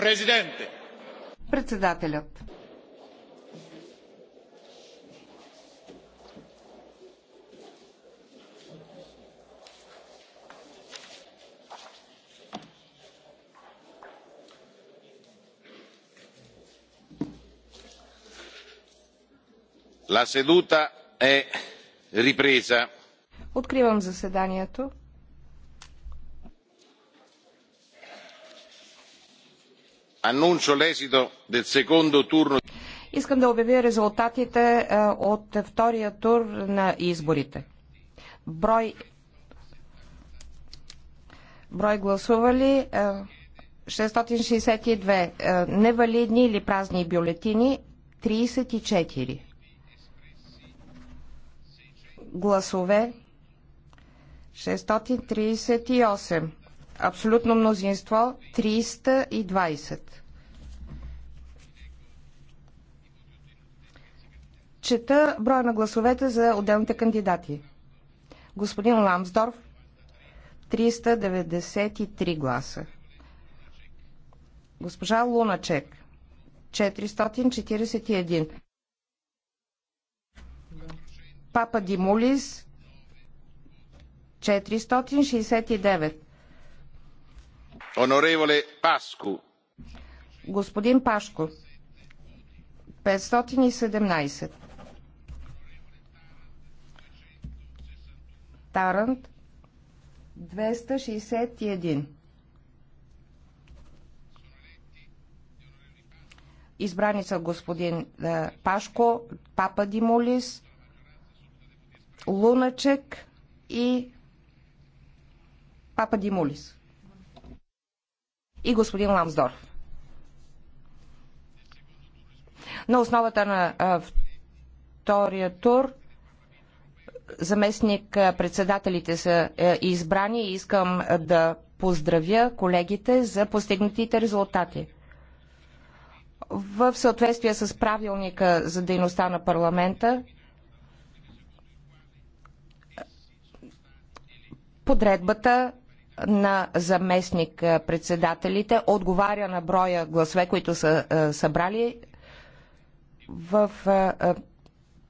Президенте! Председателят. La seduta è ripresa. Откривам заседанието. annuncio l'esito del secondo turno. Искам да обявя резултатите е, от втория тур на изборите. Брой, брой гласували 662, е, е, невалидни или празни бюлетини 34, гласове 638. Абсолютно мнозинство 320. Чета броя на гласовете за отделните кандидати. Господин Ламсдорф 393 гласа. Госпожа Луначек 441. Папа Димулис 469. Онореволе Паско. Господин Пашко. 517. Тарант 261. Избрани са господин е, Пашко, Папа Димолис, Луначек и Папа Димулис и господин Ламсдорф. На основата на а, втория тур заместник председателите са избрани и искам да поздравя колегите за постигнатите резултати. В съответствие с правилника за дейността на парламента, подредбата на заместник председателите отговаря на броя гласове, които са събрали в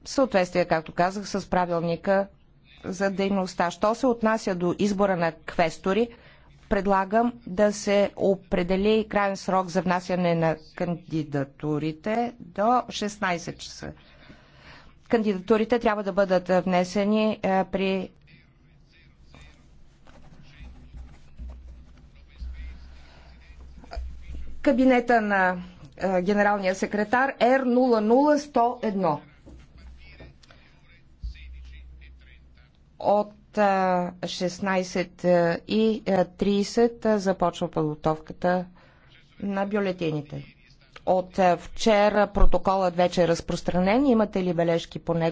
съответствие, както казах, с правилника за дейността. Що се отнася до избора на квестори, предлагам да се определи крайен срок за внасяне на кандидатурите до 16 часа. Кандидатурите трябва да бъдат внесени при кабинета на генералния секретар R00101. От 16.30 започва подготовката на бюлетините. От вчера протоколът вече е разпространен. Имате ли бележки по него?